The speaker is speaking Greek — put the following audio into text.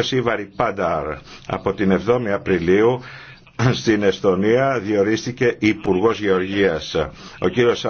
Πεσίβαρη Πάνταρ από την 7η Απριλίου στην Εστονία διορίστηκε Υπουργός Γεωργίας. Ο κύριος